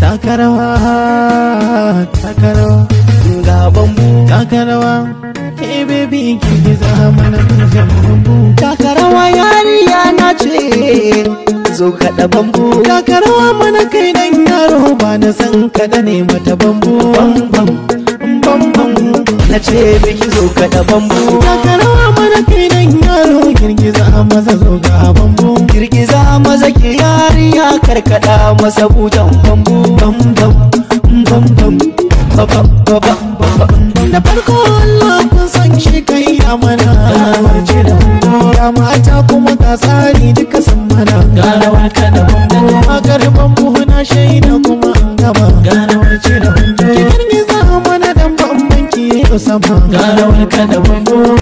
takarawa takarawa gaban mu takarawa ke baby ki ki zama na jaman mu takarawa yariya na ce zo kada bambu takarawa mana kai dan yaro ba na san kada ne mata bambu bambam bambam na ce biki zo kada bambu takarawa mana kai dan yaro girgiza maza zo ga bambu girgiza maza yari ya karkada masa bujan bambu bam bam bam bam bam bam da farko Allah kun san shi kai ya mana warce da ya mata kuma ta sani duka san mana gana warka da bambu makar na shaida kuma an da bambu ki girgiza mana dan bambu